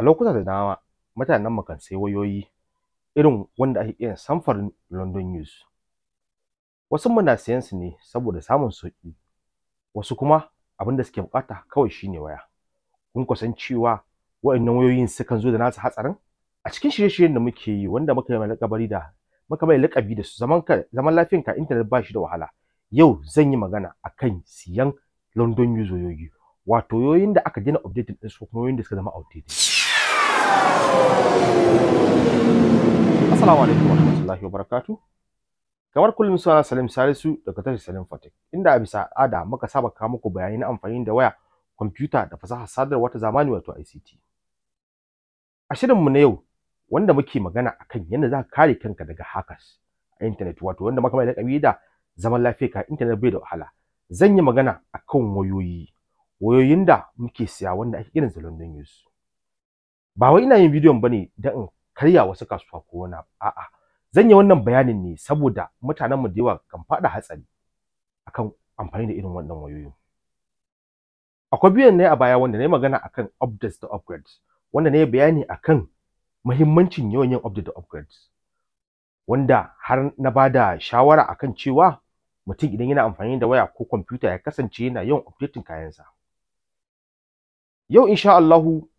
a lokuta da dama mutanen mu kan sai wayoyi irin wanda ake iya samfarin London News wasu mu na sayan su ne saboda samun sauki wasu kuma abin da suke bukata kawai shine waya kun kusan cewa waɗannan wayoyin sukan zo da nasu hatsarin a cikin shirye-shiryen da muke yi wanda muka yi lakabari da muka bai lakabi da su zaman ka zaman lafiyan ka internet ba shi da wahala yau zan yi magana akan siyan London News wayoyi wato yoyin da aka gina updating din su kuma yoyin da suka zama outdated Assalamu alaikum warahmatullahi wabarakatuh. Kamar kullum suna Salim Salisu daga tashar Salim Fatik, inda a bisa al'ada muka saba kawo muku bayanai na amfani da waya, kwamfuta da fasaha, sadarwa ta zamani wato ICT. A shirin mu na yau, wanda muke magana akan yadda za ka kare kanka daga hackers a intanet wato wanda muka mai kabi da zaman lafiya ka intanet bai da wahala. Zan yi magana akan wayoyi, wayoyin da muke siya wanda ake kiransa London News. Ba wai ina yin bidiyon bane don in karya wasu kasuwa ko wani a'a zan yi wannan bayanin ne saboda mutanen mu da yawa kan faɗa hatsari akan amfani da irin wannan wayoyi. akwai biyan ne a baya wanda na yi magana akan updates da upgrades wanda na yi bayani akan muhimmancin yawan yin update da upgrades wanda har na bada shawara akan cewa mutum idan yana amfani da waya ko kwamfuta ya kasance yana yawan updating kayansa yau insha Allahu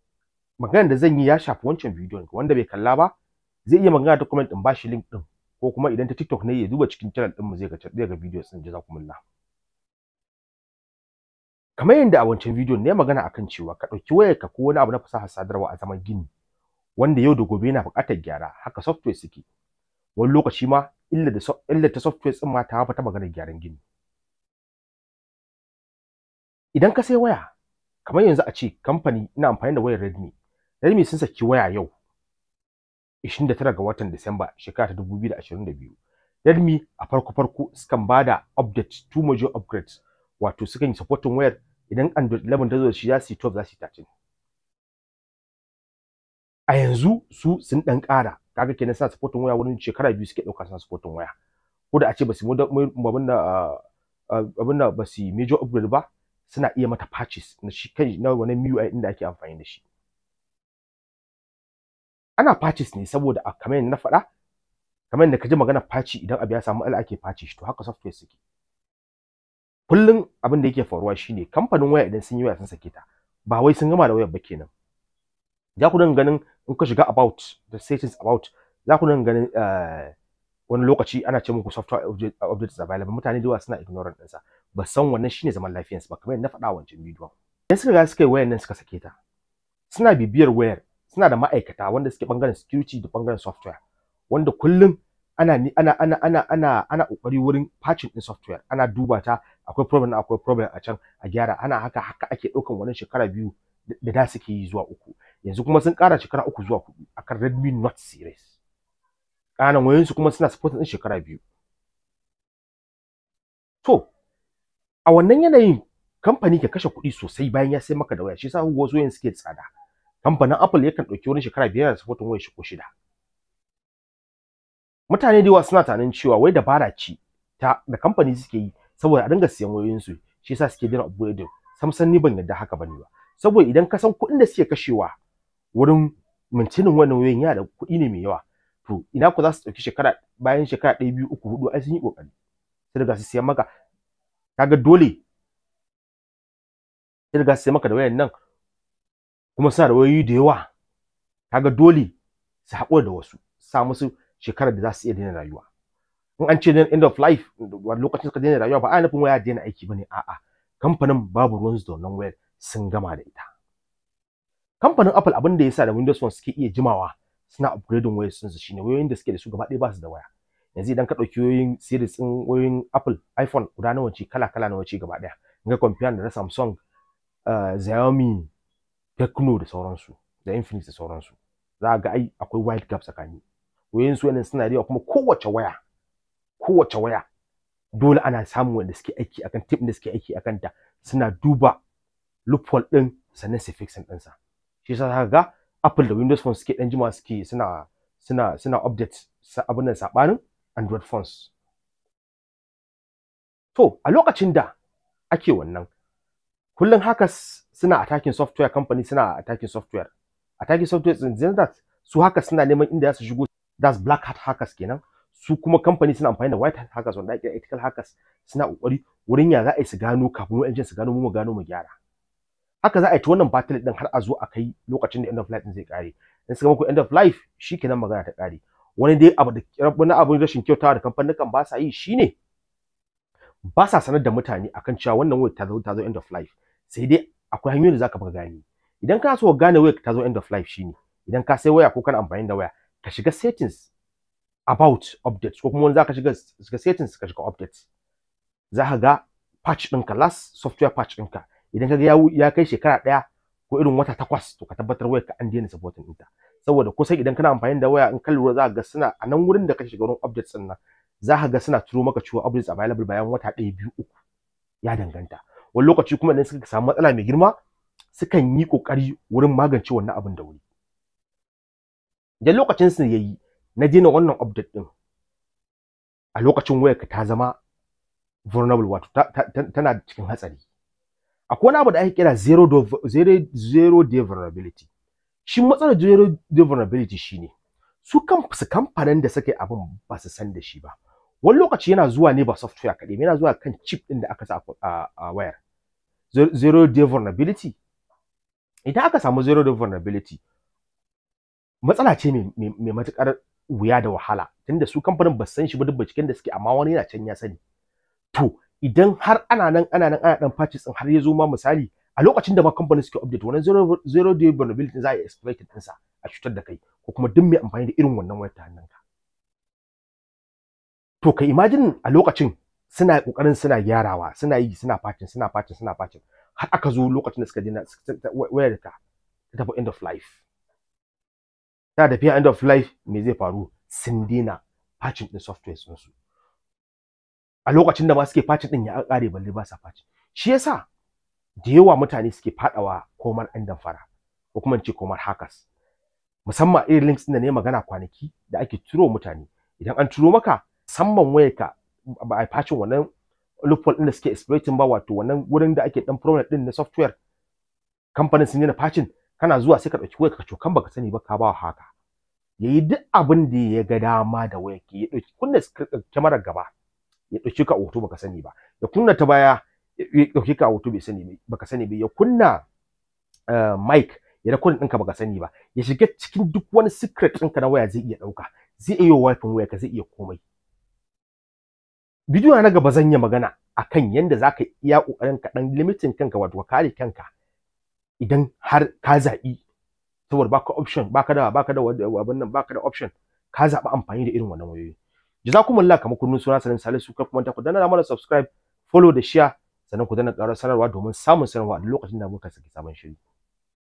maganar da zan yi ya shafi wancan bidiyon wanda bai kalla ba zai iya magana ta comment din bashi link din ko kuma idan ta TikTok ne ya duba cikin channel din mu zai ga zai ga bidiyon din jazakumullah kamar yadda a wancan bidiyon ne magana akan cewa ka ɗauki ka ko wani abu na fasahar sadarwa a zaman gini wanda yau da gobe yana buƙatar gyara haka software suke wani lokaci ma illa da illa ta software din ma ta ta maganar gyaran gini idan ka sai waya kamar yanzu a ce kamfani ina amfani da wayar Redmi Redmi sun saki waya yau 29 ga watan Disamba shekara ta 2022. Redmi a farko-farko sukan ba da update to major upgrades wato sukan yi supporting wayar idan Android 11 ta zo shi za su yi 12 za su 13. A yanzu su sun dan ƙara kaga kenan sa supporting waya wurin shekara biyu suke ɗauka sa supporting waya. Ko da a ce ba su abin da abin da ba su major upgrade ba suna iya mata patches na shi kai na wannan MIUI inda ake amfani da shi. ana patches ne saboda kamar yadda na faɗa kamar yadda ka ji magana faci idan abu ya samu ala ake faci shi to haka software suke kullum abin da yake faruwa shine kamfanin waya idan sun yi waya sun sake ta ba wai sun gama da wayar ba kenan za ku dinga ganin in ka shiga about the settings about za ku dinga ganin eh, wani lokaci ana ce muku software update available mutane da yawa suna ignorant ɗinsa ba san wannan shine zaman su ba kamar yadda na faɗa a wancan bidiyon idan suka ga suka yi wayar nan suka sake ta suna bibiyar wayar suna da ma'aikata wanda suke bangaren security da bangaren software wanda kullum ana ana ana ana ana ana kokari wurin patching din software ana duba ta akwai problem akwai problem a can a gyara ana haka haka ake daukan wannan shekara biyu da da suke yi zuwa uku yanzu kuma sun kara shekara uku zuwa hudu akan Redmi Note series kanan wayoyinsu kuma suna support din shekara biyu to a wannan yanayin kamfani ke kashe kuɗi sosai bayan ya sai maka da waya shi yasa wasu wayoyin suke tsada kamfanin apple yakan ɗauki wurin shekara biyar da supportin wayar shiko shida mutane da yawa suna tunanin cewa wai dabara ce ta da kamfani suke yi saboda a dinga siyan wayoyinsu shi yasa suke abu da samsan ni ban yarda haka bane ba saboda idan ka san kuɗin da suke kashewa wurin mintinin wannan wayoyin yana da kuɗi ne mai yawa to ina ku za su ɗauki shekara bayan shekara ɗaya biyu uku huɗu, ai sun yi ƙoƙari sai daga su siyan maka kaga dole sai daga su siyan maka da wayan nan kuma suna da wayoyi da yawa kaga dole su haƙo da wasu sa musu shekarar da za su iya daina rayuwa in an ce end of life lokacin suka daina rayuwa ba a nufin waya daina aiki bane a'a kamfanin babu ruwan su da wannan sun gama da ita kamfanin Apple abin da yasa da Windows Phone suke iya jimawa suna upgrading wayar sun su shine wayoyin da suke da su gaba ɗaya ba su da waya yanzu idan ka ɗauki wayoyin series ɗin wayoyin Apple iPhone guda nawa ce kala kala nawa ce gaba ɗaya in ga compare da na Samsung eh, Xiaomi Tekno da sauransu da Infinix da sauransu za ga ai akwai wild gap tsakani wayoyin su wannan suna riya kuma kowace waya kowace waya dole ana samun wanda suke aiki akan tip da suke aiki akan ta suna duba loophole din sannan su fixin sa shi yasa zaka ga Apple da Windows phones suke dan jima suke suna suna suna update abin nan sabanin Android phones to a lokacin da ake wannan kullum haka suna attacking software company suna attacking software attacking software yanzu that su haka suna neman inda za su shigo that's black hat hackers kenan su kuma company suna amfani da white hat hackers wanda ake ethical hackers suna kokari wurin ya za a yi su gano kafin wa'ancan su gano mu mu gano mu gyara haka za a yi ta wannan battle din har a zo a kai lokacin da end of life din zai kare su suka muku end of life shikenan magana ta kare wani dai abu da rabbuna abu rashin kyautawa da kamfanin kan ba sa yi shine ba sa sanar da mutane akan cewa wannan wayar ta zo ta zo end of life sai dai akwai hanyoyin da zaka baka gane idan kana so ka gane wayar ta zo end of life shine idan ka sai waya ko kana amfani da waya ka shiga settings about updates ko kuma wani zaka shiga shiga settings ka shiga updates za ka ga patch ɗinka last software patch ɗinka idan ka ga ya, ya kai shekara ɗaya ko irin wata takwas to ka tabbatar wayar ka an daina supporting ɗinta saboda kusan idan kana amfani da waya in ka lura za ka ga suna a nan wurin da ka shiga wurin updates ɗin nan za ka ga suna turo maka cewa updates available bayan wata ɗaya biyu uku ya danganta wani lokaci kuma idan suka samu matsala mai girma sukan yi kokari wurin magance wannan abin da wuri idan lokacin su yayi na dina wannan update din a lokacin wayarka ta zama vulnerable wato tana cikin hatsari akwai wani abu da ake kira zero zero zero vulnerability shi matsalar zero vulnerability shine su kan su kamfanin da suke abin ba su san da shi ba wani lokaci yana zuwa ne ba software kaɗai yana zuwa kan chip ɗin da aka sa a wayar zero day vulnerability idan aka samu zero day vulnerability matsala ce mai matuƙar wuya da wahala tunda su kamfanin ba san shi ba duk cikin da suke amma wani yana can ya sani to idan har ana nan ana nan ana dan patches din har ya zo ma misali a lokacin da ma kamfanin suke update wannan zero zero day vulnerability za a exploit ɗinsa a cutar da kai ko kuma duk mai amfani da irin wannan wayar ta hannunka to ka imagine a lokacin suna kokarin suna gyarawa suna yi suna fatin, suna fatin, suna fatin. har aka zo lokacin da suka je wayar ta ta tafi end of life ta tafiya end of life me zai faru sun dina facin din software sun su a lokacin da ma suke fatin din ya kare balle ba sa fatin. shi yasa da yawa mutane suke fadawa komar ɗan damfara ko kuma ce komar hackers musamman irin links din da ne magana kwanaki da ake turo mutane idan an turo maka musamman wayarka ba a fashin wannan loophole din da suke exploiting ba wato wannan wurin da ake dan problem din na software kamfanin sun na fashin kana zuwa sai ka dauki waya ka cokan baka sani ba ka ba haka yayi duk abin da ya ga dama da waya ke, ya dauki kunna kyamara gaba ya dauki ka hoto baka sani ba ya kunna ta baya ya dauki ka hoto bai sani ba baka sani ba ya kunna eh, mic ya rekodin ɗinka baka sani ba ya shiga cikin duk wani secret ɗinka na waya zai iya ɗauka zai iya wifin waya ka zai iya komai bidiyo na gaba zan yi magana akan yanda zaka iya kokarin ka ɗan limitin kanka wato ka kare kanka idan har ka zaɓi saboda baka option baka da baka da abin nan baka da option ka zaɓi amfani da irin wannan wayoyi jazakumullahu kamar kullun suna sanin salisu kar kuma ta ku danna mana subscribe follow da share sannan ku danna karar sanarwa domin samun sanarwa a lokacin da muka saki sabon shiri